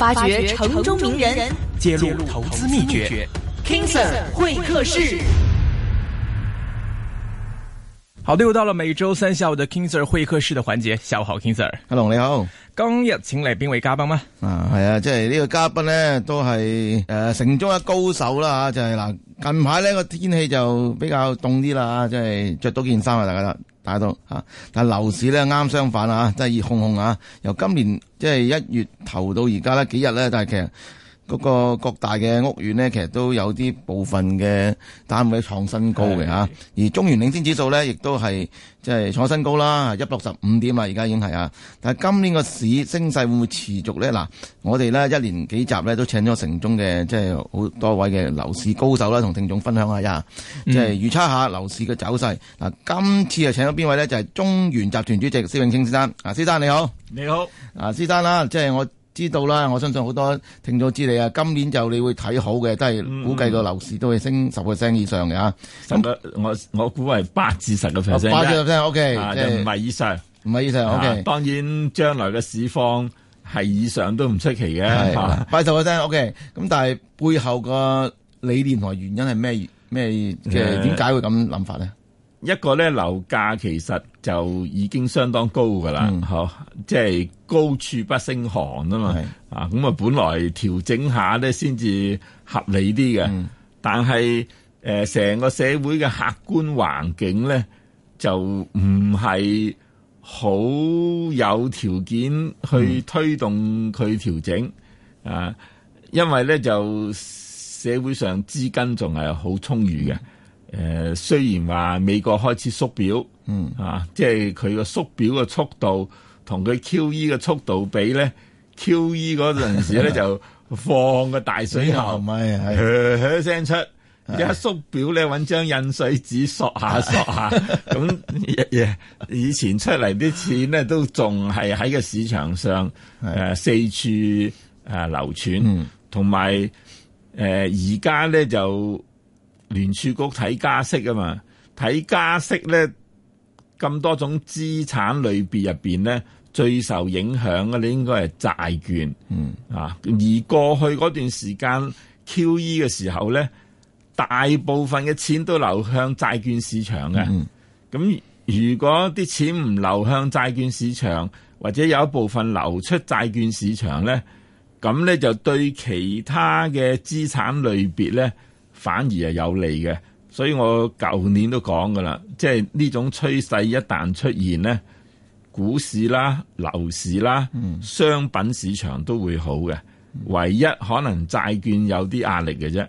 發掘城中名人，揭露投資秘訣。King Sir 會客室，好，又到了每周三下午的 King Sir 會客室的環節。下午好，King Sir。阿龍你好，今日請嚟邊位嘉賓嗎？啊，係啊，即係呢個嘉賓呢，都係誒城中嘅高手啦，吓，就係嗱近排呢個天氣就比較凍啲啦，即係着多件衫啊大家啦。吓打到但係樓市咧啱相反啊，真係熱烘烘啊！由今年即係一月頭到而家呢幾日咧，就係其實。嗰、那個各大嘅屋苑呢，其實都有啲部分嘅單位創新高嘅，而中原領先指數呢，亦都係即係創新高啦，一百六十五點啦，而家已經係啊！但今年個市升勢會唔會持續呢？嗱、啊，我哋呢一連幾集呢，都請咗城中嘅即係好多位嘅樓市高手啦，同聽眾分享一下呀，即、嗯、係、就是、預測下樓市嘅走勢。嗱、啊，今次就請咗邊位呢？就係、是、中原集團主席施永清先生。啊，施生你好，你好。啊，施生啦，即、就、係、是、我。知道啦，我相信好多聽咗知你啊，今年就你會睇好嘅，都係估計個樓市都會升十個 percent 以上嘅嚇。咁我我估係八至十個 percent，八至十 percent，OK，即係唔係以上，唔、嗯、係、okay, 啊即係、以上,以上，OK、啊。當然將來嘅市況係以上都唔出奇嘅。八十個 percent OK。咁但係背後個理念同埋原因係咩咩嘅？點解、就是、會咁諗法呢？一個咧樓價其實就已經相當高噶啦、嗯，即係高處不勝寒啊嘛，啊咁啊本來調整下咧先至合理啲嘅、嗯，但係誒成個社會嘅客觀環境咧就唔係好有條件去推動佢調整啊、嗯，因為咧就社會上資金仲係好充裕嘅。嗯誒、呃、雖然話美國開始縮表，嗯啊，即係佢個縮表嘅速度同佢 QE 嘅速度比咧、嗯、QE 嗰陣時咧 就放個大水喉，咪係噓聲出一、嗯、縮表咧揾張印水紙索下索下，咁、嗯、 以前出嚟啲錢咧都仲係喺個市場上誒、嗯呃、四處誒、呃、流傳，同埋誒而家咧就。聯儲局睇加息啊嘛，睇加息咧，咁多種資產類別入邊咧最受影響嘅，你應該係債券。嗯啊，而過去嗰段時間、嗯、QE 嘅時候咧，大部分嘅錢都流向債券市場嘅。咁、嗯、如果啲錢唔流向債券市場，或者有一部分流出債券市場咧，咁咧就對其他嘅資產類別咧。反而係有利嘅，所以我舊年都講噶啦，即係呢種趨勢一旦出現呢，股市啦、樓市啦、商品市場都會好嘅，唯一可能債券有啲壓力嘅啫。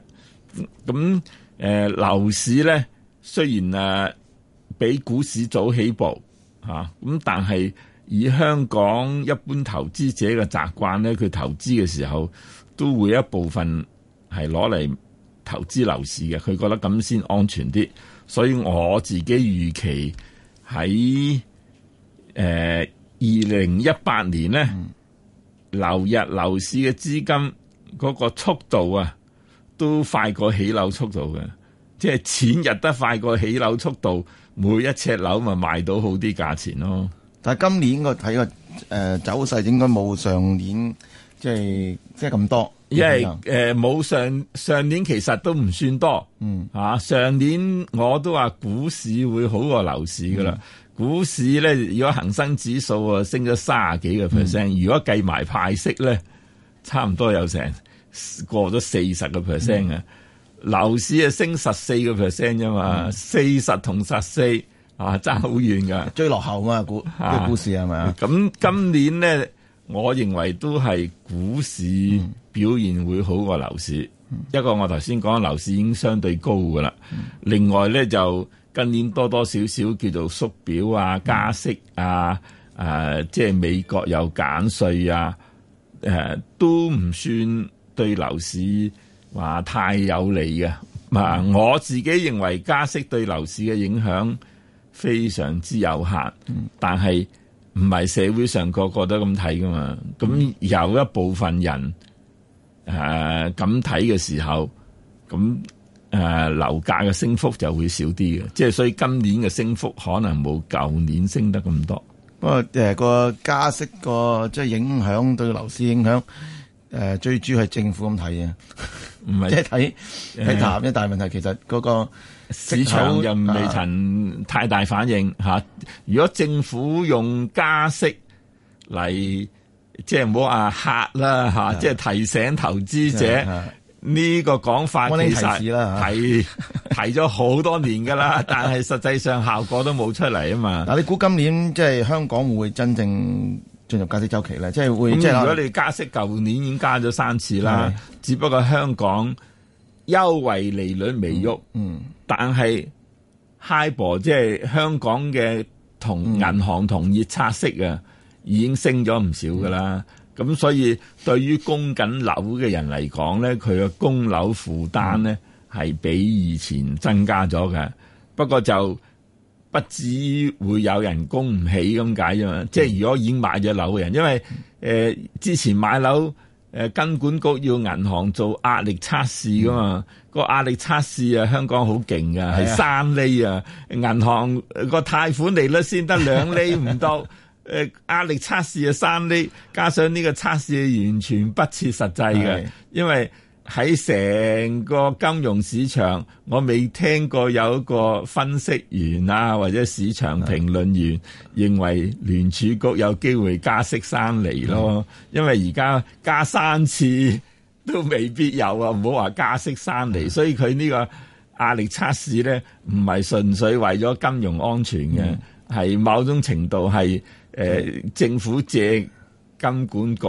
咁誒、呃、樓市呢，雖然誒、啊、比股市早起步吓咁、啊、但係以香港一般投資者嘅習慣呢，佢投資嘅時候都會一部分係攞嚟，投資樓市嘅，佢覺得咁先安全啲，所以我自己預期喺誒二零一八年呢，流入、嗯、樓，樓市嘅資金嗰個速度啊，都快過起樓速度嘅，即係錢入得快過起樓速度，每一尺樓咪賣到好啲價錢咯。但係今年個睇個誒走勢應該冇上年即係即係咁多。因為誒冇上上年其實都唔算多。吓、嗯、上、啊、年我都話股市會樓市好過樓市噶啦。股市咧，如果恒生指數啊升咗卅幾個 percent、嗯、如果計埋派息咧，差唔多有成過咗四十個 percent,、嗯樓個 percent 嗯、14, 啊。樓市啊升十四個 percent 啫嘛，四十同十四啊爭好遠噶，最落後嘛股、啊、股市係咪啊？咁今年咧？我認為都係股市表現會好過樓市，嗯，一個我頭先講樓市已經相對高噶啦，嗯，另外咧就今年多多少少叫做縮表啊，加息啊，誒，啊，即係美國有減稅啊，誒，啊，都唔算對樓市話太有利嘅，啊。我自己認為加息對樓市嘅影響非常之有限，嗯，但係，唔係社會上個個都咁睇噶嘛，咁有一部分人誒咁睇嘅時候，咁誒樓價嘅升幅就會少啲嘅，即係所以今年嘅升幅可能冇舊年升得咁多。不過誒個、呃、加息個即係影響對樓市影響，誒、呃、最主要係政府咁睇啊。唔係即係睇睇談一大問題，其實嗰個市場又未曾太大反應嚇。如果政府用加息嚟，即係唔好話嚇啦，即係提醒投資者呢、呢個講法其實。我提啦，提 提咗好多年噶啦， 但係實際上效果都冇出嚟啊嘛。嗱，你估今年即係香港會真正進入加息周期咧，即係會。咁、嗯、如果你加息，舊年已經加咗三次啦。只不過香港優惠利率未喐、嗯嗯，但係 HIBOR 即係香港嘅同銀行同業拆息啊、嗯，已經升咗唔少噶啦。咁、嗯、所以對於供緊樓嘅人嚟講咧，佢嘅供樓負擔咧係比以前增加咗嘅、嗯。不過就不止會有人供唔起咁解啫嘛，即係如果已經買咗樓嘅人，因為誒、呃、之前買樓誒、呃，金管局要銀行做壓力測試噶嘛，個、嗯、壓力測試啊，香港好勁噶，係三、啊、厘啊，銀行個貸款利率先得兩厘唔到，誒 壓力測試啊三厘，加上呢個測試係完全不切實際嘅、啊，因為。喺成個金融市場，我未聽過有一個分析員啊，或者市場評論員認為聯儲局有機會加息三厘咯。因為而家加三次都未必有啊，唔好話加息三厘。所以佢呢個壓力測試咧，唔係純粹為咗金融安全嘅，係某種程度係誒、呃、政府借金管局。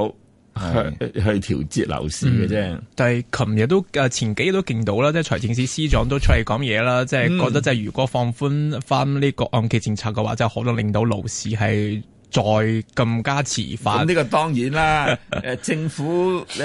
係去調節樓市嘅啫，嗯，但係琴日都誒前幾日都見到啦，即係財政司司長都出嚟講嘢啦，即、就、係、是、覺得即係如果放寬返呢個按揭政策嘅話，就可能令到樓市係再更加遲緩。呢、嗯嗯、個當然啦，誒、 呃、政府誒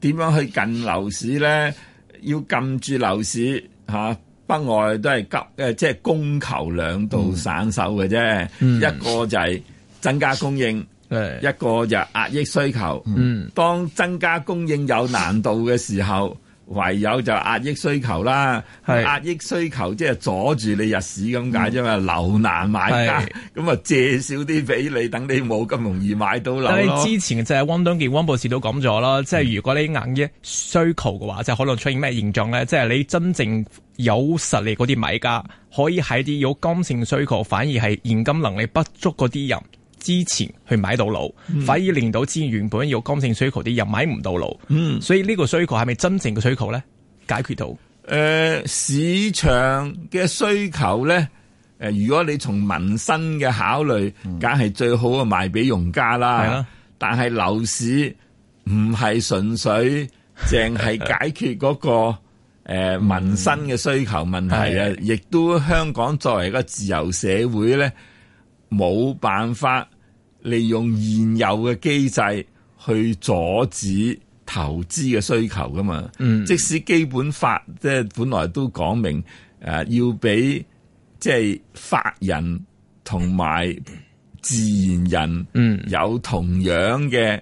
點、呃、樣去撳樓市咧？要撳住樓市吓，不、啊、外都係急誒，即、呃、係、就是、供求兩度散手嘅啫，一個就係增加供應。誒，一個就壓抑需求。嗯，當增加供應有難度嘅時候、嗯，唯有就壓抑需求啦。係壓抑需求是，即係阻住你入市咁解啫嘛。留難買家，咁啊借少啲俾你，等你冇咁容易買到樓。之前即係汪登健、汪博士都講咗啦，即、就、係、是、如果你壓抑需求嘅話，即、就是、可能出現咩現狀咧？即、就、係、是、你真正有實力嗰啲買家，可以喺啲有剛性需求，反而係現金能力不足嗰啲人。之前去買到樓，反而令到之前原本有剛性需求啲又買唔到樓，嗯，所以呢個需求係咪真正嘅需求咧？解決到？誒、呃、市場嘅需求咧、呃？如果你從民生嘅考慮，梗、嗯、係最好啊賣俾用家啦。嗯、但係樓市唔係純粹淨係解決嗰、嗰個、嗯呃、民生嘅需求問題啊！亦、嗯、都香港作為一個自由社會咧。冇辦法利用現有嘅機制去阻止投資嘅需求噶嘛？嗯，即使基本法即係本來都講明，誒、啊、要俾即係法人同埋自然人，嗯，有同樣嘅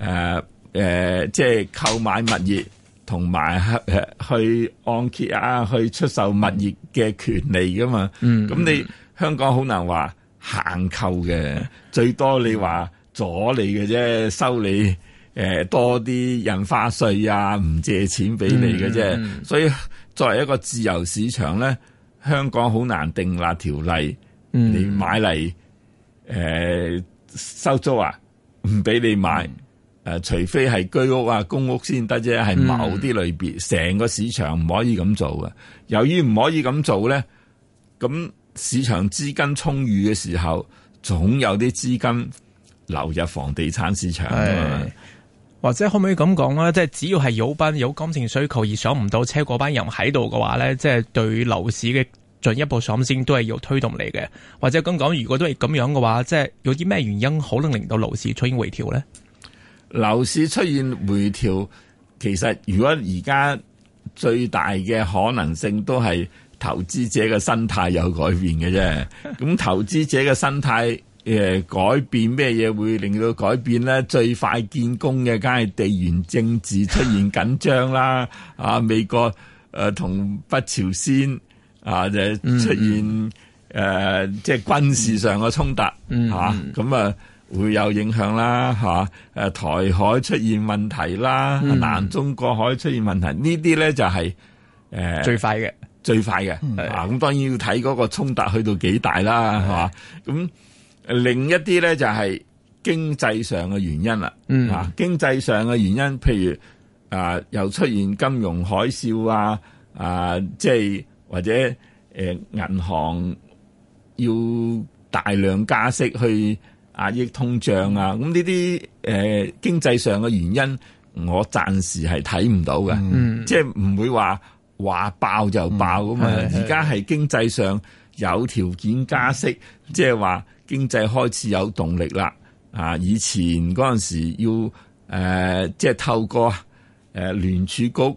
誒誒，即係購買物業同埋，啊啊、去按揭啊，去出售物業嘅權利噶嘛？嗯那，咁、嗯、你香港好難話。限購嘅最多你話阻你嘅啫，收你誒、呃、多啲印花稅啊，唔借錢俾你嘅啫、嗯。所以作為一個自由市場咧，香港好難定立條例你、嗯、買嚟誒、呃、收租啊，唔俾你買誒、呃，除非係居屋啊公屋先得啫，係某啲類別，成、嗯、個市場唔可以咁做嘅。由於唔可以咁做咧，咁。市場資金充裕嘅時候，總有啲資金流入房地產市場。或者可唔可以咁講咧？即係只要係有班有剛性需求而上唔到車嗰班人喺度嘅話呢，即係對樓市嘅進一步上升都係要推動嚟嘅。或者咁講，如果都係咁樣嘅話，即係有啲咩原因可能令到樓市出現回調呢？樓市出現回調，其實如果而家最大嘅可能性都係。投資者嘅心態有改變嘅啫，咁投資者嘅心態誒改變咩嘢會令到改變咧？最快見功嘅，梗係地緣政治出現緊張啦，啊美國誒同北朝鮮啊就出現誒即係軍事上嘅衝突吓，咁啊會有影響啦吓，誒台海出現問題啦、嗯，南中國海出現問題呢啲咧就係、是、誒、呃、最快嘅。最快嘅、嗯，啊，咁當然要睇嗰個衝突去到幾大啦，係嘛？咁另一啲咧就係、是、經濟上嘅原因啦、嗯，啊，經濟上嘅原因，譬如啊，又出現金融海嘯啊，啊，即係或者誒，銀、呃、行要大量加息去壓抑通脹啊，咁呢啲誒經濟上嘅原因，我暫時係睇唔到嘅，嗯，即係唔會話。話爆就爆咁啊！而家係經濟上有條件加息，即係話經濟開始有動力啦。啊，以前陣時要誒，即係透過誒聯儲局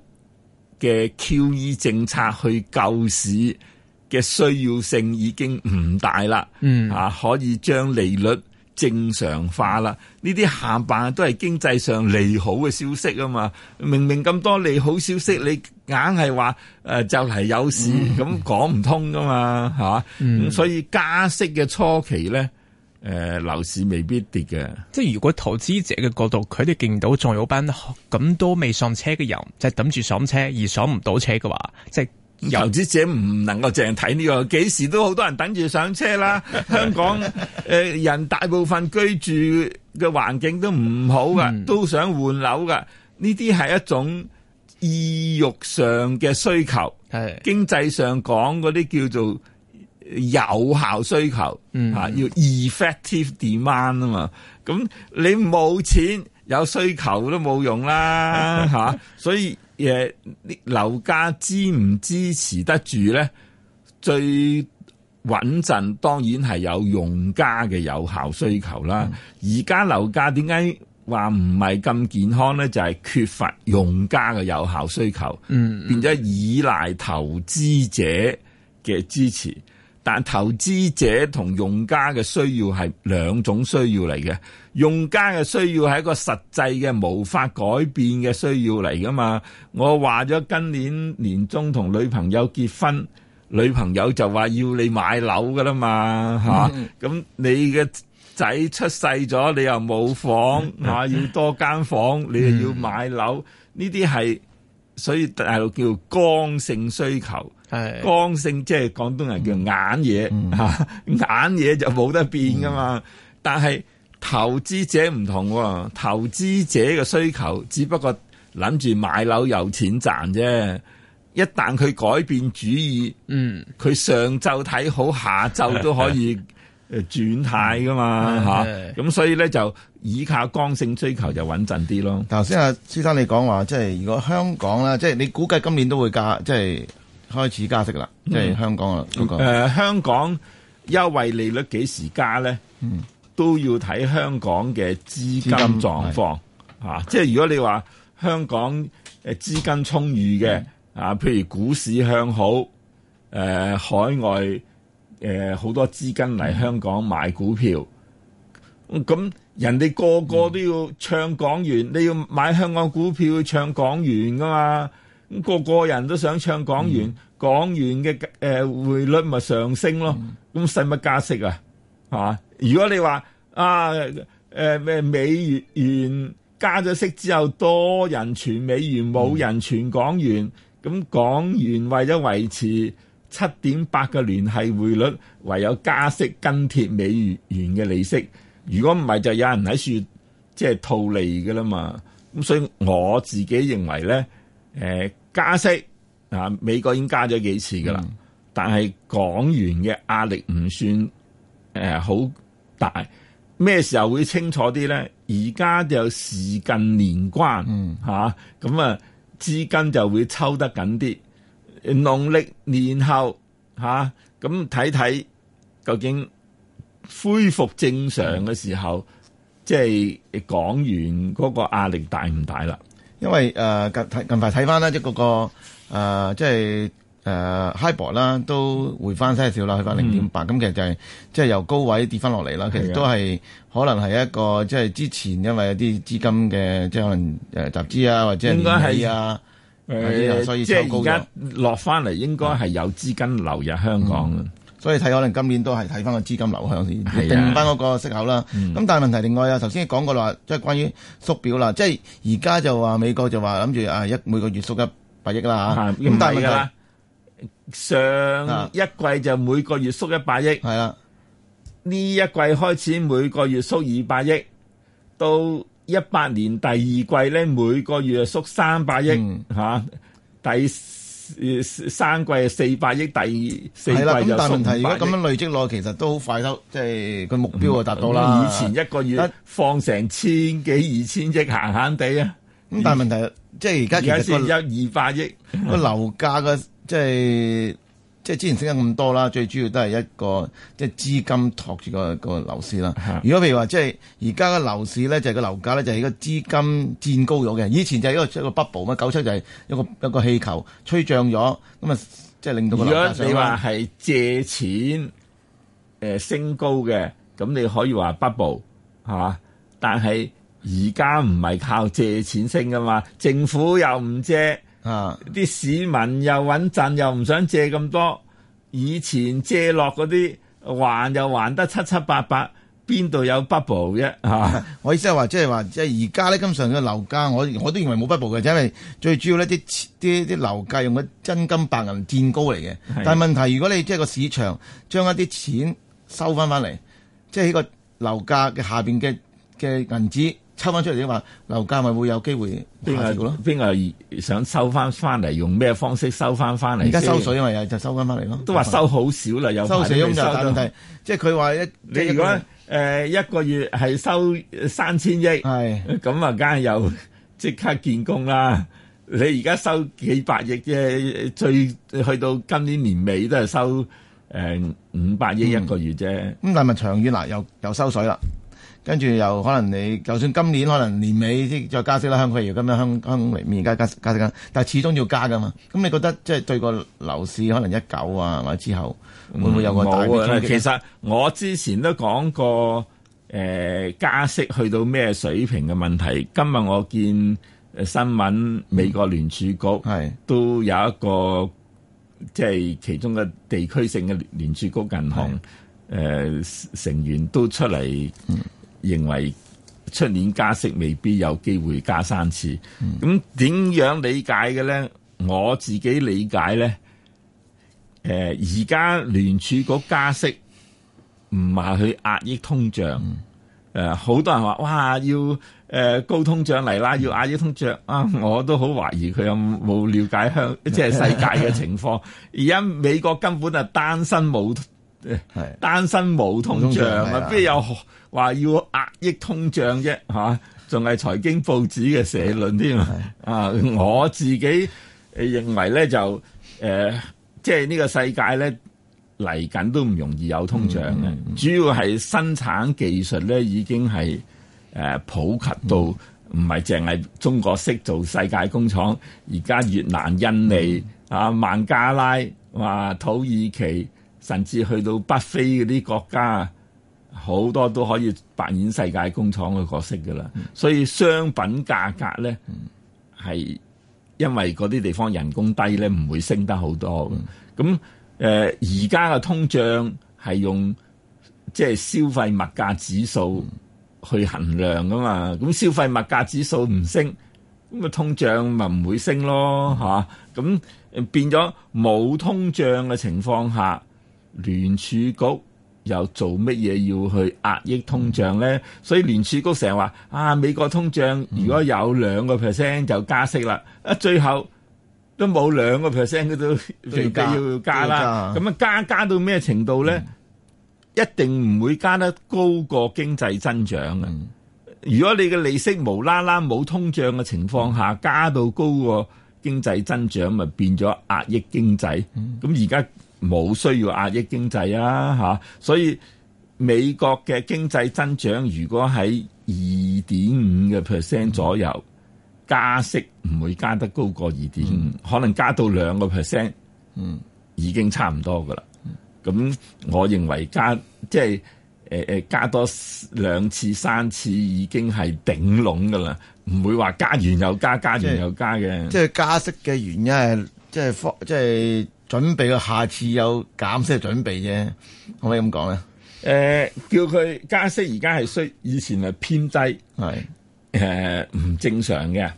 嘅 QE 政策去救市嘅需要性已經唔大啦。嗯啊，可以將利率。正常化啦，呢啲下辦都係經濟上利好嘅消息啊嘛！明明咁多利好消息，你硬係話就係、是、有事，咁講唔通噶嘛、嗯？所以加息嘅初期咧，誒、呃、樓市未必跌嘅。即係如果投資者嘅角度，佢哋見到仲有班咁多未上車嘅人，即、就、係、是、等住上車而上唔到車嘅話，即係。游資者唔能夠淨係睇呢個，幾時都好多人等住上車啦。香港誒、人大部分居住嘅環境都唔好噶，都想換樓噶。呢啲係一種意欲上嘅需求，係經濟上講嗰啲叫做有效需求，吓要 effective demand 啊嘛。咁你冇錢有需求都冇用啦，吓所以嘢，啲樓價支唔支持得住咧？最穩陣當然係有用家嘅有效需求啦。而、嗯、家樓價點解話唔係咁健康咧？就係、是、缺乏用家嘅有效需求，嗯嗯變咗依賴投資者嘅支持。但投資者同用家嘅需要係兩種需要嚟嘅。用家嘅需要係一個實際嘅無法改變嘅需要嚟噶嘛。我話咗今年年中同女朋友結婚，女朋友就話要你買樓噶啦嘛嚇咁、嗯啊、你嘅仔出世咗，你又冇房、嗯啊，要多間房，你又要買樓。呢啲係所以大陸叫剛性需求，剛性即係廣東人叫硬嘢、嗯啊、硬嘢就冇得變噶嘛。但係投資者唔同，投資者嘅需求只不過諗住買樓有錢賺啫。一旦佢改變主意，嗯，佢上晝睇好，下晝都可以誒轉態噶嘛咁、嗯啊嗯、所以咧就依靠剛性需求就穩陣啲咯。頭先啊，施先生你講話即係如果香港啦，即係你估計今年都會加，即係開始加息啦、嗯。即係香港啦嗰香、嗯呃、香港優惠利率幾時加咧？嗯。都要睇香港嘅資金狀況，啊、即係如果你話香港誒資金充裕嘅、嗯，啊，譬如股市向好，呃、海外誒好、呃、多資金嚟香港買股票，咁、嗯嗯、人哋個個都要唱港元、嗯，你要買香港股票唱港元噶嘛？咁個個人都想唱港元，嗯、港元嘅誒、呃、匯率咪上升咯？咁使乜加息啊？啊如果你話啊誒咩美元加咗息之後多人存美元，冇人存港元，咁、嗯、港元為咗維持七點八嘅聯繫匯率，唯有加息跟貼美元嘅利息。如果唔係就有人喺度即係套利㗎啦嘛。咁所以我自己認為咧，誒加息啊，美國已經加咗幾次噶啦、嗯，但係港元嘅壓力唔算誒好。呃大咩時候會清楚啲咧？而家就時近年關咁、嗯、啊，資金就會抽得緊啲。農曆年後咁睇睇究竟恢復正常嘅時候，即係港元嗰個壓力大唔大啦？因為誒近近排睇翻啦，即係嗰個誒即係。就是誒 h y 啦，都回翻些少啦，去翻零點八咁，其實就係即係由高位跌翻落嚟啦。其實都係可能係一個即係、就是、之前因為啲資金嘅即係可能誒集資啊，或者年尾啊誒、呃，所以炒高一而家落翻嚟，應該係有資金流入香港、嗯、所以睇，可能今年都係睇翻個資金流向先定翻嗰個息口啦。咁、嗯、但係問題，另外啊，頭先你講過喇，即、就、係、是、關於縮表啦，即係而家就話、是、美國就話諗住啊，一每個月縮一百億啦吓，咁但係上一季就每個月縮一百億，係啊！呢一季開始每個月縮二百億，到一八年第二季咧，每個月縮、嗯、啊縮三百億嚇，第三季四百億，第四季啦，咁但係問題而家咁樣累積落去，其實都好快收，即係個目標就達到啦、嗯嗯。以前一個月放成千幾二千億閒閒地啊，咁、嗯、但係問題即係而家其實有。而家縮一二百億個樓價個。 即係即係之前升得咁多啦，最主要都係一個即係資金托住個個樓市啦。如果譬如話即係而家嘅樓市咧，就係個樓價咧就係個資金佔高咗嘅。以前就係一個一個 bubble 嘛，九七就係一個一個氣球吹脹咗，咁啊即係令到個。如果你話係借錢誒、呃、升高嘅，咁你可以話 bubble 係嘛？但係而家唔係靠借錢升噶嘛，政府又唔借。啊！啲市民又穩陣，又唔想借咁多。以前借落嗰啲還又還得七七八八，邊度有 bubble 啫、啊？我意思係話，即係話，即係而家咧，今上嘅樓價，我我都認為冇 bubble 嘅，因為最主要呢啲啲啲樓價用嘅真金白銀墊高嚟嘅。但係問題，如果你即係個市場將一啲錢收翻翻嚟，即係喺個樓價嘅下面嘅嘅銀紙。抽翻出嚟點話樓價咪會有機會下跌咯？邊個想收翻翻嚟？用咩方式收翻翻嚟？而家收水咪又就收翻翻嚟咯？都話收好少啦，有收，收水咁就打落，即係佢話一你如果誒、呃、一個月係收三千億，咁啊，梗係又即刻建工啦！你而家收幾百億啫，最去到今年年尾都係收誒五百億一個月啫。咁、嗯、但係長遠啦又又收水啦。跟住又可能你就算今年可能年尾啲再加息啦，香港油咁樣，香香嚟面加加加息緊，但係始終要加噶嘛。咁你覺得即係對個樓市可能一九啊，或者之後會唔會有個大嘅衝擊？其實我之前都講過誒、呃、加息去到咩水平嘅問題，今日我見新聞，美國聯儲局係都有一個即係其中嘅地區性嘅聯聯儲局銀行誒、呃、成員、呃、都出嚟。嗯認為出年加息未必有機會加三次，咁、嗯、點樣理解嘅咧？我自己理解咧，誒、呃，而家聯儲局加息唔係去壓抑通脹，誒、嗯，好、呃、多人話哇，要誒、呃、高通脹嚟啦，要壓抑通脹、嗯、啊！我都好懷疑佢有冇了解香即係世界嘅情況。而家美國根本就單身冇。係單身冇通脹啊，邊有話要壓抑通脹啫？吓，仲、啊、係財經報紙嘅社論添啊！啊，我自己誒認為咧就誒、呃，即係呢個世界咧嚟緊都唔容易有通脹，嗯、主要係生產技術咧已經係誒、呃、普及到唔係淨係中國識做世界工廠，而、嗯、家越南、印尼、嗯、啊、孟加拉、話、啊、土耳其。甚至去到北非嗰啲國家啊，好多都可以扮演世界工廠嘅角色噶啦。所以商品價格咧，係因為嗰啲地方人工低咧，唔會升得好多，咁誒，而家嘅通脹係用即係消費物價指數去衡量噶嘛。咁消費物價指數唔升，咁啊通脹咪唔會升咯，吓、啊，咁變咗冇通脹嘅情況下。聯儲局又做乜嘢要去壓抑通脹咧、嗯？所以聯儲局成日話啊，美國通脹如果有兩個 percent 就加息啦、啊。最後都冇兩個 percent，佢都必要加啦。咁啊，加加到咩程度咧、嗯？一定唔會加得高過經濟增長啊、嗯！如果你嘅利息無啦啦冇通脹嘅情況下、嗯，加到高過經濟增長，咪變咗壓抑經濟。咁而家。冇需要壓抑經濟啊，嚇、啊！所以美國嘅經濟增長如果喺二點五嘅 percent 左右，嗯、加息唔會加得高過二點五，可能加到兩個 percent，嗯，已經差唔多噶啦。咁、嗯、我認為加即係誒誒加多兩次三次已經係頂籠噶啦，唔會話加完又加，加完又加嘅。即、就、係、係即係、加息嘅原因係即係方即係。即係即係準備下次有減息準備啫，可唔可以咁講咧？叫佢加息，而家係需，以前係偏低，呃、唔正常嘅。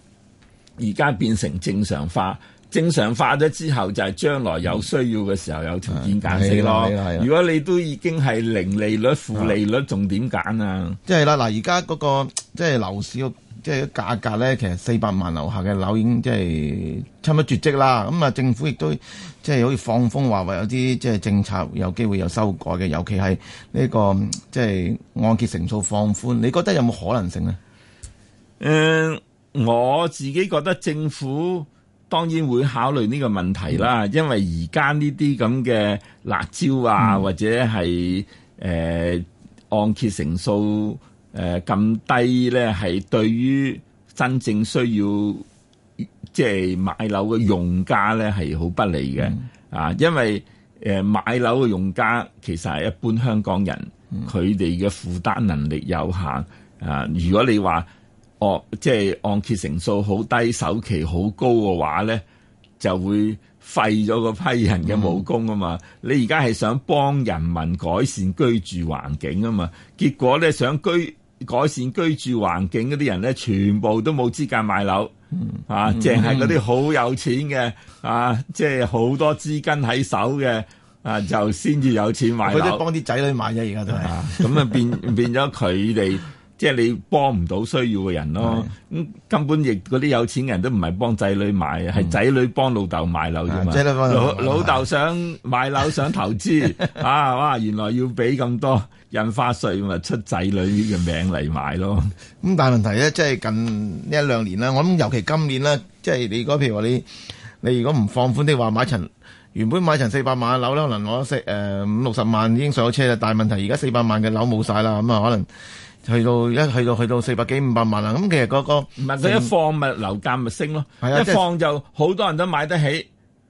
而家變成正常化，正常化咗之後，就係將來有需要嘅時候有條件減息咯。如果你都已經係零利率、負利率，仲點減啊？就是那個、即係啦，嗱，而家嗰個即係樓市。即係價格咧，其實四百萬樓下嘅樓已經即係差唔多絕跡啦。咁啊，政府亦都即係、就是、好似放風話，為有啲即係政策有機會有修改嘅，尤其係呢、這個即係、就是、按揭成數放寬，你覺得有冇可能性呢？誒、嗯，我自己覺得政府當然會考慮呢個問題啦，因為而家呢啲咁嘅辣招啊，或者係誒、呃、按揭成數。誒、呃、咁低咧，係對於真正需要即係買樓嘅用家咧係好不利嘅、嗯、啊！因為誒、呃、買樓嘅用家其實係一般香港人，佢哋嘅負擔能力有限啊！如果你話哦，即係按揭成數好低、首期好高嘅話咧，就會廢咗嗰批人嘅武功啊嘛！嗯、你而家係想幫人民改善居住環境啊嘛，結果咧想居改善居住環境嗰啲人咧，全部都冇資格買樓，啊，淨係嗰啲好有錢嘅，啊，即係好多資金喺手嘅，啊，就先至有錢買樓。佢都幫啲仔女買啫，而家都係。咁啊， 變變咗佢哋，即係 你幫唔到需要嘅人咯。咁根本亦嗰啲有錢人都唔係幫仔女買，係、嗯、仔女幫老豆買樓啫嘛、啊。老老豆想買樓 想投資，啊，哇，原來要俾咁多。印花稅咪出仔女嘅名嚟買咯，咁但係問題咧，即係近呢一兩年啦，我諗尤其今年呢，即係你如果譬如話你你如果唔放寬啲話，買層原本買層四百萬嘅樓可能攞四誒五六十萬已經上咗車啦。但係問題而家四百萬嘅樓冇晒啦，咁啊可能去到一去到去到四百幾五百萬啦，咁其實嗰個佢一放咪樓價咪升咯，一放就好多人都買得起，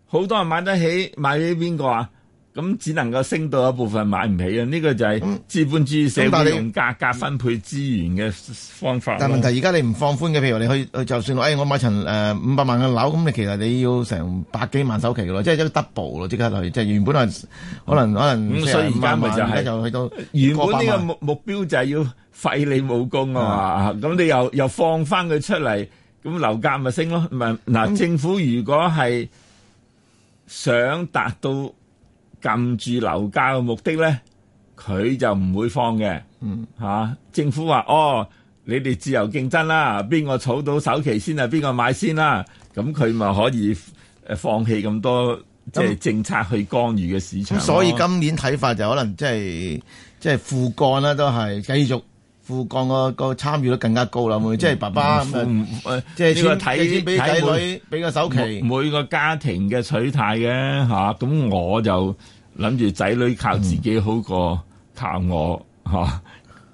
好多人買得起買俾邊個啊？咁只能夠升到一部分買唔起啊！呢、這個就係資本主義社會用價格分配資源嘅方法、嗯但。但問題而家你唔放寬嘅，譬如你去，你你就算我，誒、哎，我買層誒五百萬嘅樓，咁你其實你要成百幾萬首期嘅咯，即係一個 double 咯，即刻就即係原本係可能可能。咁、嗯嗯嗯、所以而家咪就到、是就是、原本呢個目目標就係要廢你武功啊嘛！咁、嗯嗯、你又又放翻佢出嚟，咁樓價咪升咯？唔係嗱，政府如果係想達到。撳住樓價嘅目的咧，佢就唔會放嘅。吓、嗯啊，政府話哦，你哋自由競爭啦，啊，邊個儲到首期先啊，邊個買先啦，啊？咁佢咪可以誒放棄咁多即係、嗯就是、政策去干預嘅市場，啊嗯嗯。所以今年睇法就可能即係即係副干啦，都係繼續。父幹個個參與率更加高啦，即係爸爸唔、嗯嗯嗯、即係，先俾仔女俾個首期，每，每個家庭嘅取態嘅吓，咁、嗯啊、我就諗住仔女靠自己好過靠我吓，咁、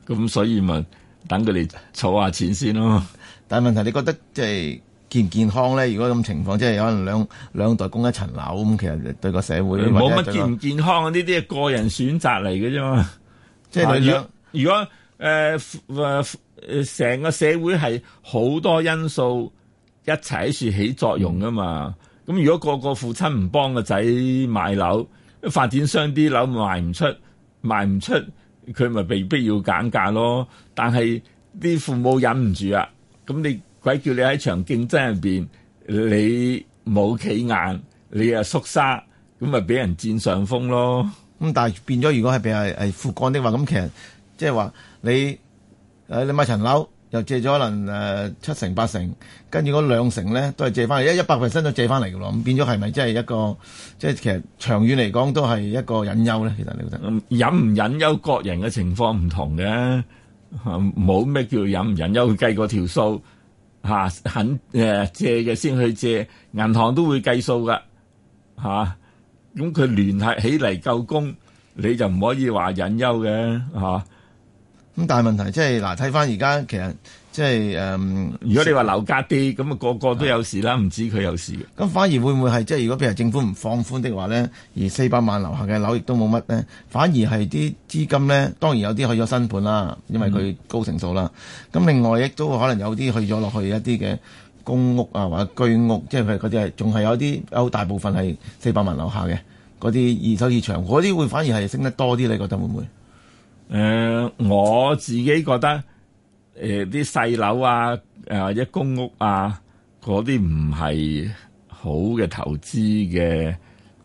嗯啊、所以咪等佢哋儲下錢先咯。但係問題你覺得即係、就是、健唔健康咧？如果咁情況，即係有可能兩兩代供一層樓咁，其實對個社會冇乜健唔健康啊？呢啲係個人選擇嚟嘅啫嘛，即係如果如果。如果誒、呃，誒、呃，成個社會係好多因素一齊喺處起作用噶嘛？咁如果個個父親唔幫個仔買樓，發展商啲樓賣唔出，賣唔出，佢咪被逼要減價咯？但係啲父母忍唔住啊！咁你鬼叫你喺場競爭入邊，你冇企硬，你又縮沙，咁咪俾人佔上風咯？咁、嗯、但係變咗，如果係俾係係副官的話，咁其實。即係話你你買層樓又借咗可能七成八成，跟住嗰兩成咧都係借翻嚟，一一百 percent 都借翻嚟㗎咯。咁變咗係咪真係一個即係其實長遠嚟講都係一個隱憂咧？其實你覺得隱唔隱憂，各人嘅情況唔同嘅，冇、啊、咩叫隱唔隱憂，計個條數嚇、啊、肯、呃、借嘅先去借，銀行都會計數㗎嚇。咁、啊、佢聯繫起嚟夠供，你就唔可以話隱憂嘅。咁但係問題即係嗱，睇翻而家其實即係誒，如果你話樓價跌，咁、那、啊個個都有事啦，唔止佢有事。咁反而會唔會係即係如果譬如政府唔放寬的話呢，而四百萬樓下嘅樓亦都冇乜呢，反而係啲資金呢，當然有啲去咗新盤啦，因為佢高成數啦。咁、嗯、另外亦都可能有啲去咗落去一啲嘅公屋啊，或者居屋，即係佢嗰啲係仲係有啲，有大部分係四百萬樓下嘅嗰啲二手市場，嗰啲會反而係升得多啲，你覺得會唔會？誒、呃，我自己覺得誒，啲、呃、細樓啊，誒、呃、公屋啊，嗰啲唔係好嘅投資嘅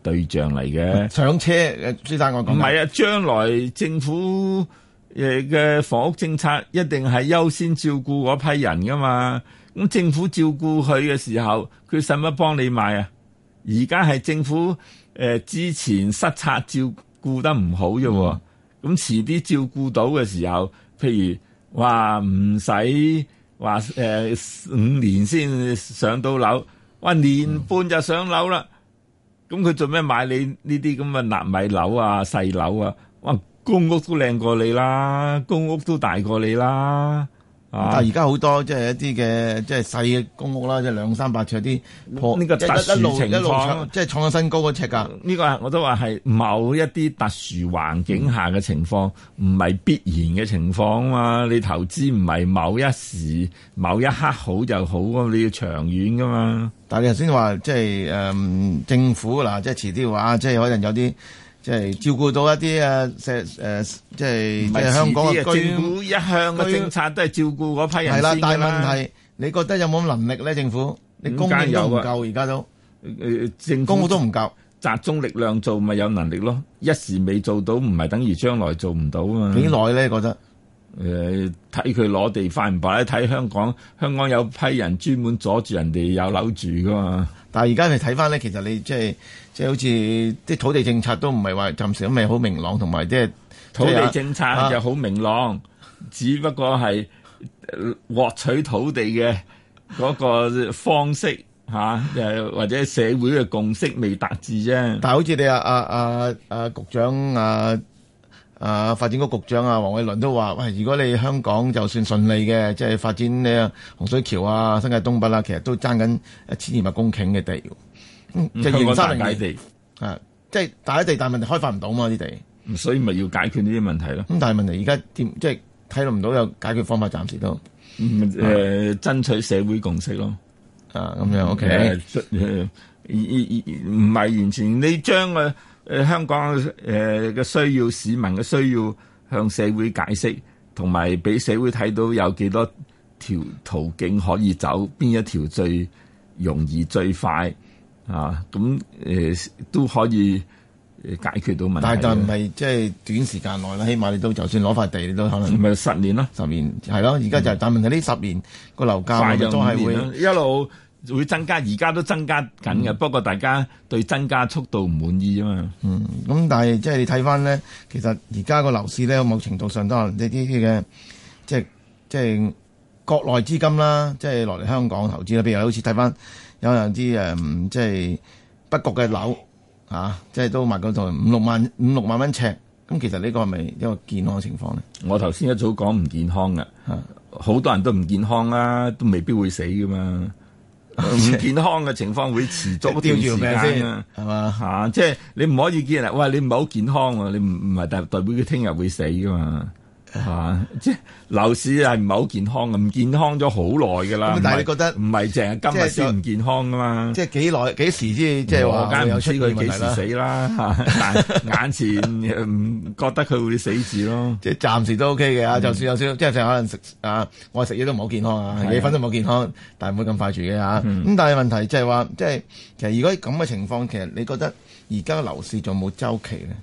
對象嚟嘅。上車，施先生我講唔係啊，將來政府誒嘅、呃、房屋政策一定係優先照顧嗰批人噶嘛。咁政府照顧佢嘅時候，佢使乜幫你買啊？而家係政府誒、呃、之前失策照顧得唔好啫。嗯咁遲啲照顧到嘅時候，譬如話唔使話誒五年先上到樓，哇年半就上樓啦！咁佢做咩買你呢啲咁嘅納米樓啊細樓啊？哇公屋都靚過你啦，公屋都大過你啦！啊、但而家好多即係一啲嘅即係細公屋啦，即係兩三百尺啲破呢、這個特殊情況，即係創新高嗰尺噶、啊、呢、這個我都話係某一啲特殊環境下嘅情況，唔係必然嘅情況嘛。你投資唔係某一時某一刻好就好啊，你要長遠噶嘛。但係你頭先話即係誒、嗯，政府啦即係遲啲話，即係可能有啲。即係照顧到一啲啊石誒、啊，即係香港政府一向嘅政策都係照顧嗰批人先啦。但問題你覺得有冇能力咧？政府你供應都唔夠，而家、呃、都誒政供都唔夠，集中力量做咪有能力咯？一時未做到，唔係等於將來做唔到啊嘛？幾耐咧？你覺得睇佢攞地快唔快咧？睇香港香港有批人專門阻住人哋有樓住噶嘛、啊？但係而家你睇翻咧，其實你即係即係好似啲土地政策都唔係話，暫時都未好明朗，同埋即係土地政策又好明朗、啊，只不過係獲取土地嘅嗰個方式嚇，又、啊、或者社會嘅共識未達至啫。但係好似你阿阿阿阿局長阿。啊啊！發展局局長啊，黃偉綸都話：喂、哎，如果你香港就算順利嘅，即係發展呢洪水橋啊、新界東北啊，其實都爭緊千二百公頃嘅地，即係原山地地啊！即係大啲地，大問題開發唔到嘛啲地，所以咪要解決呢啲問題咯。咁、嗯、但係問題而家點？即係睇到唔到有解決方法，暫時都誒、嗯呃啊、爭取社會共識咯。啊，咁樣 OK、嗯。誒、啊，唔係、啊、完全你將個。呃、香港誒嘅需要，市民嘅需要，向社會解釋，同埋俾社會睇到有幾多條途徑可以走，邊一條最容易最快啊？咁、嗯呃、都可以解決到問題，但係唔係即係短時間內啦，起碼你都就算攞塊地，你都可能唔係十年咯，十年係咯，而家就係、但問題呢十年個樓價始終係會一路。會增加，而家都在增加緊嘅、嗯。不過，大家對增加速度唔滿意啊嘛。嗯，咁但係即係你睇翻咧，其實而家個樓市咧，某程度上都係呢啲嘅，即係即係國內資金啦，即係落嚟香港投資啦。譬如好似睇翻有啲誒，即係北角嘅樓啊即係、就是、都賣到五六萬五六萬蚊尺。咁其實呢個係咪一個健康情況咧？我頭先一早講唔健康嘅，好、啊、多人都唔健康啦、啊，都未必會死噶嘛。唔 健康嘅情況會持續一段時間啊，係嘛吓，即係你唔可以見人喂，你唔係好健康、啊，你唔唔係代代表佢聽日會死噶嘛、啊。啊！即係樓市係唔係好健康？唔健康咗好耐噶啦。咁但係你覺得唔係淨係今日先唔健康噶嘛？即係幾耐幾時先？即係話間唔有出佢幾時死啦？ 啊、但眼前唔 覺得佢會死字死事咯。即係暫時都 OK 嘅啊、嗯！就算有少即係可能食啊，我食嘢都唔好健康啊，夜瞓都唔好健康，但係唔會咁快住嘅咁、嗯啊、但係問題即係話，即係其實如果咁嘅情況，其實你覺得而家樓市仲有冇周期呢？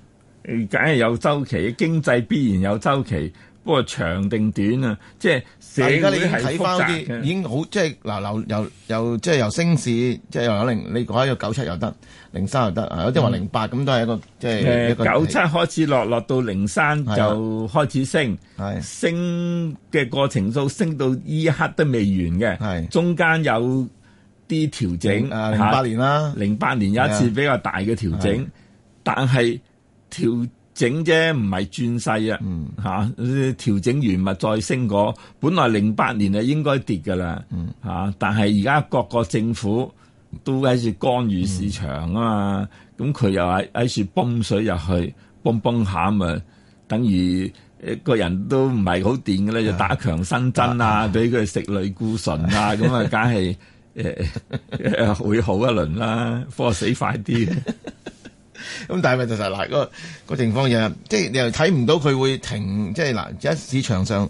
梗係有周期，經濟必然有周期，不過長定短啊！即係社會係複雜啲已，已經好即係，嗱由由由即係由升市，即係可能你講喺個九七又得，零三又得，有啲話零八咁、嗯、都係一個即係、呃。九七開始落落到零三就開始升，啊、升嘅過程數升到依一刻都未完嘅，中間有啲調整。零、呃、八年啦，零八年有一次比較大嘅調整，啊啊啊、但係。調整啫，唔係轉勢啊！嚇，調整完咪再升過。本來零八年係應該跌噶啦，嚇，但係而家各個政府都喺住干預市場、嗯、啊嘛，咁佢又喺喺住泵水入去，泵泵下咪，等於個人都唔係好掂嘅咧，就打強身針啊，俾、啊、佢食類固醇啊，咁啊，梗係誒會好一輪啦，貨死快啲。 咁 但係咪就實、是、嗱、那個、那個情況又、就是、即係你又睇唔到佢會停，即係嗱而家市場上，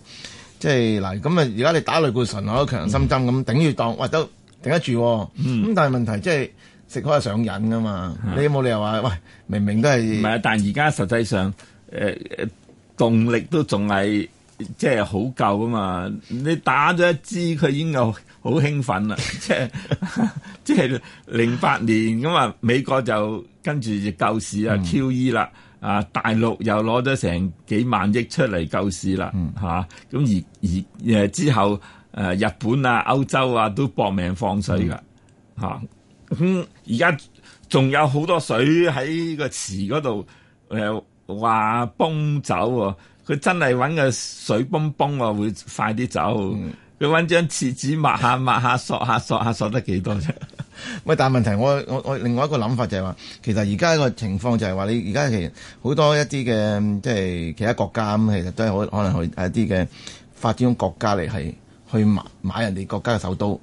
即係嗱咁啊，而家你打類固醇嗬強心針咁等於當喂、嗯、都頂得住咁，但係問題、就是、即係食開上癮噶嘛、嗯、你有冇理由話喂明明都係，但而家實際上誒誒、呃、動力都仲係。即係好夠噶嘛，你打咗一支佢已經好興奮啦， 即係即係零八年咁啊，美國就跟住就救市啊、嗯、QE 啦，啊大陸又攞咗成幾萬億出嚟救市啦，咁、嗯啊、而而之後、啊、日本啊、歐洲啊都搏命放水噶，咁而家仲有好多水喺個池嗰度，誒話崩走喎、啊。佢真係揾個水崩崩喎，會快啲走。佢揾張廁紙抹下抹下，索下索下索得幾多啫？喂， 但係問題我我我另外一個諗法就係話，其實而家個情況就係話，你而家其實好多一啲嘅即係其他國家咁，其實都係可可能去一啲嘅發展中國家嚟，係去買買人哋國家嘅首都，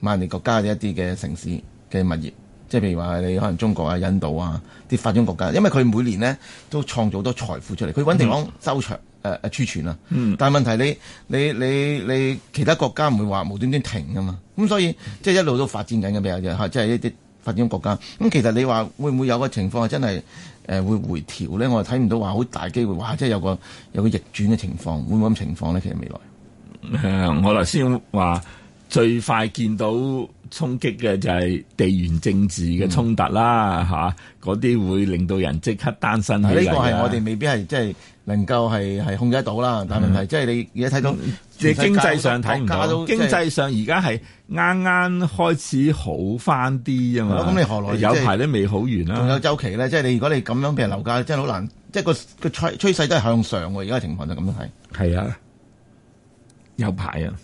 買人哋國家嘅一啲嘅城市嘅物業。即係譬如話你可能中國啊、印度啊、啲發展國家，因為佢每年呢都創造好多財富出嚟，佢揾地方收場誒誒儲存啦。嗯，嗯，嗯，嗯、呃出。但係問題你你你你其他國家唔會話無端端停㗎嘛？咁所以即係、就是、一路都發展緊嘅比較即係一啲發展國家。咁、嗯、其實你話會唔會有個情況真係誒、呃、會回調咧？我睇唔到話好大機會，哇！即係有個有個逆轉嘅情況，會唔會咁情況咧？其實未來嗯嗯我頭先話最快見到。衝擊嘅就係地緣政治嘅衝突啦，嗰、嗯、啲、啊、會令到人即刻單身、啊。呢個係我哋未必係即係能夠係係控制到啦、嗯。但問題、就是、即係你而家睇到即係經濟上睇唔到，經濟上而家係啱啱開始好翻啲、嗯、啊嘛。咁你何來有排都未好完啦？仲、就是就是、有周期咧，即、就、係、是、你如果你咁樣譬如樓價，真係好難，即係個個趨趨勢都係向上喎。而家情況就咁樣係。係啊，有排啊。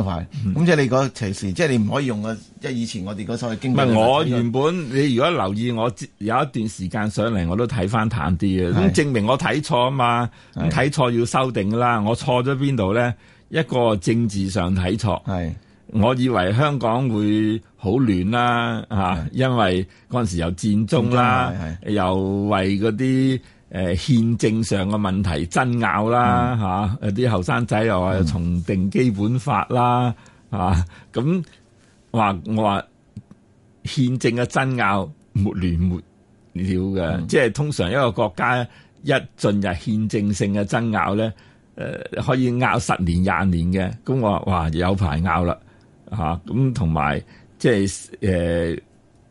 咁、嗯、即係你嗰隨時，嗯、即係你唔可以用個即係以前我哋嗰所謂經濟。唔係我原本，你如果留意我有一段時間上嚟，我都睇翻淡啲嘅，咁證明我睇錯啊嘛，咁睇錯要修訂啦。我錯咗邊度咧？一個政治上睇錯，我以為香港會好亂啦、啊、因為嗰陣時有戰爭啦戰，又為嗰啲。誒、呃、憲政上嘅問題爭拗啦嚇，有啲後生仔又話重定基本法啦嚇，咁、嗯、話、啊、我話憲政嘅爭拗沒完沒了嘅、嗯，即係通常一個國家一進入憲政性嘅爭拗咧，誒、呃、可以拗十年廿年嘅，咁我話哇有排拗啦嚇，咁同埋即係誒、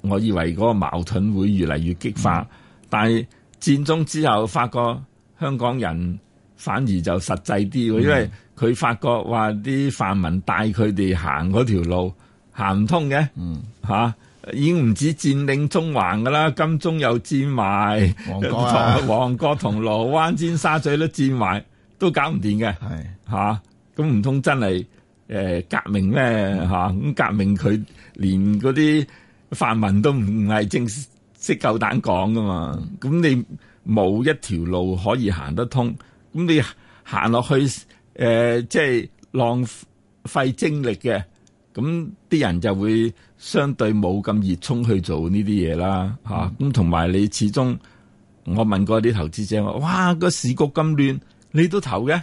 呃，我以為嗰個矛盾會越嚟越激化，嗯、但佔中之後發覺香港人反而就實際啲喎、嗯，因為佢發覺話啲泛民帶佢哋行嗰條路行唔通嘅，嚇、嗯啊、已經唔止佔領中環噶啦，金鐘又佔埋，旺角同羅灣、尖沙咀都佔埋，都搞唔掂嘅，咁唔通真係誒、呃、革命咩咁、啊、革命佢連嗰啲泛民都唔係正式。識夠膽講㗎嘛？咁你冇一條路可以行得通，咁你行落去誒，即、呃、係、就是、浪費精力嘅，咁啲人就會相對冇咁熱衷去做呢啲嘢啦，嚇、嗯。咁同埋你始終，我問過啲投資者話：「哇，個市局咁亂，你都投嘅？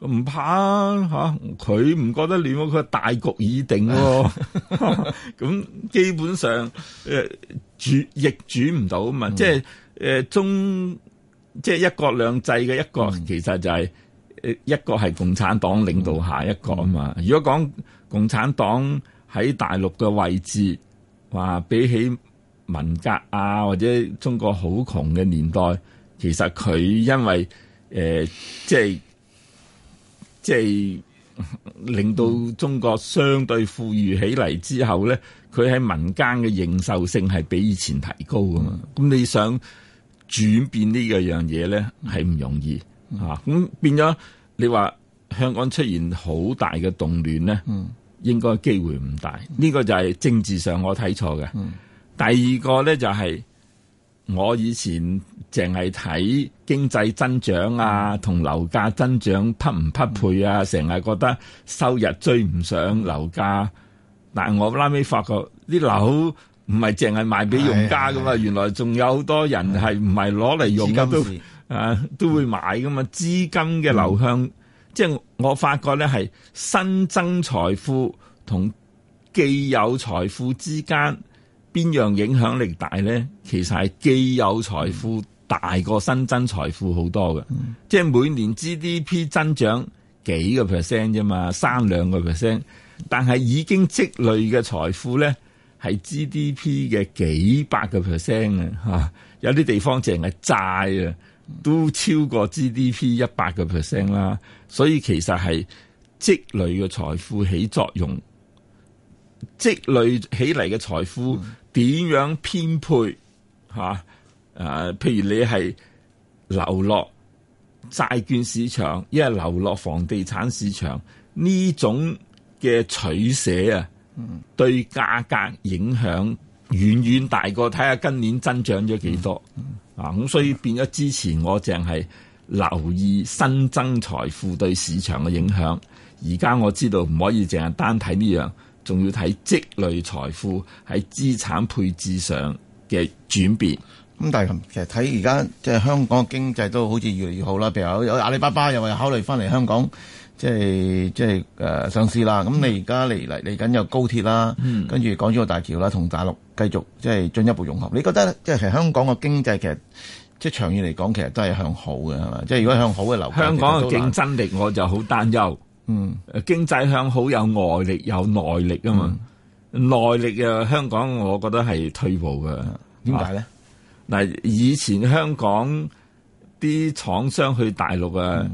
唔怕嚇、啊，佢、啊、唔覺得亂喎，佢大局已定喎、啊。咁 基本上誒主亦主唔到啊嘛，嗯、即係誒、呃、中即係一國兩制嘅一個、嗯，其實就係、是、誒一個係共產黨領導下一個啊嘛。如果講共產黨喺大陸嘅位置，話比起文革啊或者中國好窮嘅年代，其實佢因為誒、呃、即係。即係令到中國相對富裕起嚟之後咧，佢、嗯、喺民間嘅認受性係比以前提高噶嘛。咁、嗯、你想轉變呢個樣嘢咧，係唔容易、嗯、啊。咁變咗你話香港出現好大嘅動亂咧、嗯，應該機會唔大。呢個就係政治上我睇錯嘅。第二個咧就係、是。我以前淨係睇經濟增長啊，同樓價增長匹唔匹配啊，成日覺得收入追唔上樓價。但係我拉尾發覺啲樓唔係淨係賣俾用家噶嘛，是是是原來仲有好多人係唔係攞嚟用金都、啊、都會買噶嘛。資金嘅流向，嗯、即係我發覺咧係新增財富同既有財富之間。邊樣影響力大咧？其實係既有財富、嗯、大過新增財富好多嘅，嗯、即係每年 GDP 增長幾個 percent 啫嘛，三兩個 percent，但係已經積累嘅財富咧，係 GDP 嘅幾百個 percent 啊！吓，有啲地方淨係債啊，都超過 GDP 一百個 percent 啦。所以其實係積累嘅財富起作用，積累起嚟嘅財富。嗯點樣編配吓？誒、啊啊，譬如你係流落債券市場，一係流落房地產市場，呢種嘅取捨啊，對價格影響遠遠大過睇下今年增長咗幾多啊！咁所以變咗之前我淨係留意新增財富對市場嘅影響，而家我知道唔可以淨係單睇呢樣。仲要睇積累財富喺資產配置上嘅轉變。咁但係其實睇而家即係香港嘅經濟都好似越嚟越好啦。譬如有阿里巴巴又話考慮翻嚟香港，即係即係誒上市啦。咁你而家嚟嚟嚟緊有高鐵啦，跟住，嗯，港珠澳大橋啦，同大陸繼續即係進一步融合。你覺得呢？即係其實香港嘅經濟其實即係長遠嚟講其實都係向好嘅係嘛？即係如果向好嘅樓價，香港嘅競爭力我就好擔憂。嗯，經濟向好有外力有內力啊嘛，內、嗯、力啊香港我覺得係退步嘅，點解咧？嗱、啊，以前香港啲廠商去大陸啊，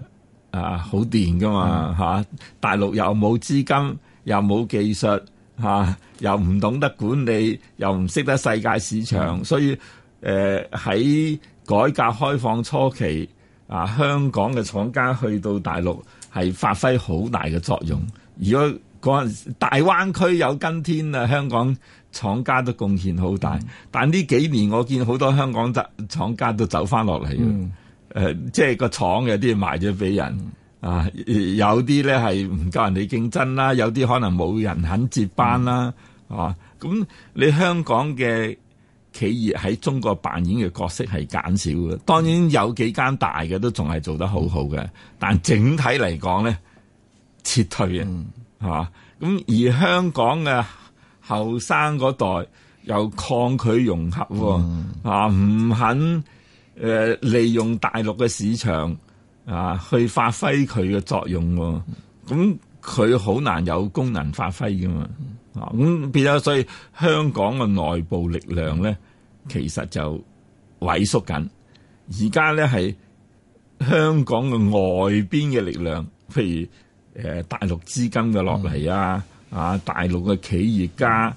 嗯、啊好掂噶嘛，吓、嗯啊，大陸又冇資金，又冇技術，吓、啊，又唔懂得管理，又唔識得世界市場，嗯、所以誒喺、呃、改革開放初期啊，香港嘅廠家去到大陸。係發揮好大嘅作用。如果嗰陣時大灣區有今天啊，香港廠家都貢獻好大。嗯、但呢幾年我見好多香港嘅廠家都走翻落嚟，即係個廠有啲賣咗俾人，人啊，有啲咧係唔夠人哋競爭啦，有啲可能冇人肯接班啦。咁、嗯啊、你香港嘅。企業喺中國扮演嘅角色係減少嘅，當然有幾間大嘅都仲係做得好好嘅，但整體嚟講咧撤退、嗯、啊，係嘛？咁而香港嘅後生嗰代又抗拒融合、嗯、啊唔肯誒利用大陸嘅市場啊去發揮佢嘅作用喎，咁佢好難有功能發揮㗎嘛。啊，咁變咗，所以香港嘅內部力量咧，其實就萎縮緊。而家咧係香港嘅外邊嘅力量，譬如大陸資金嘅落嚟啊，啊大陸嘅企業家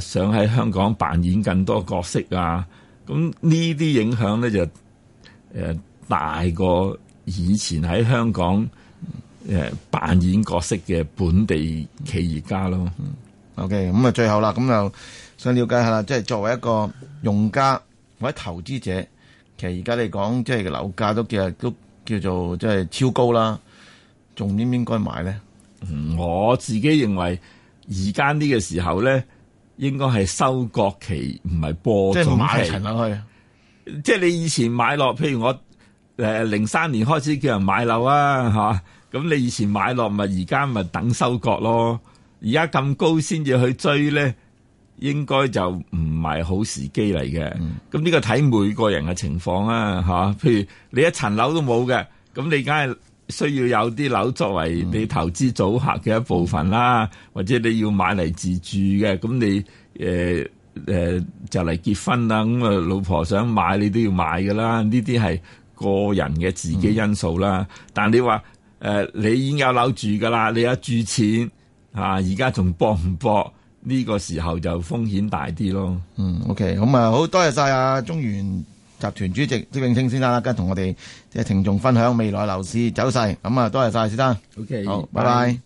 想喺香港扮演更多角色啊，咁呢啲影響咧就大過以前喺香港。誒，扮演角色嘅本地企業家咯。OK，咁啊，最後啦，咁又想了解下啦，即係作為一個用家或者投資者，其實而家嚟講，即係樓價都叫都叫做即係超高啦，仲應唔應該買呢？我自己認為，而家呢個時候咧，應該係收割期，唔係播種期。即係買層落去。即係你以前買落，譬如我誒零三年開始叫人買樓啊，吓。咁你以前買落咪，而家咪等收割咯。而家咁高先至去追咧，應該就唔係好時機嚟嘅。咁、嗯、呢個睇每個人嘅情況啊，吓、啊。譬如你一層樓都冇嘅，咁你梗係需要有啲樓作為你投資組合嘅一部分啦、嗯，或者你要買嚟自住嘅。咁你誒誒、呃呃、就嚟結婚啦，咁啊老婆想買你都要買噶啦。呢啲係個人嘅自己因素啦。嗯、但你話。誒、呃，你已經有樓住噶啦，你有住錢吓，而家仲搏唔搏呢，這個時候就風險大啲咯。嗯，OK，咁啊，好多謝晒啊，中原集團主席施永青先生啦，跟同我哋即係聽眾分享未來樓市走勢。咁、嗯、啊，多謝晒先生。OK，好，拜拜。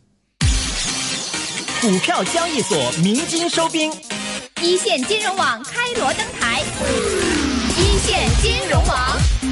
股票交易所鳴金收兵，一綫金融網開鑼登台，嗯，一綫金融網。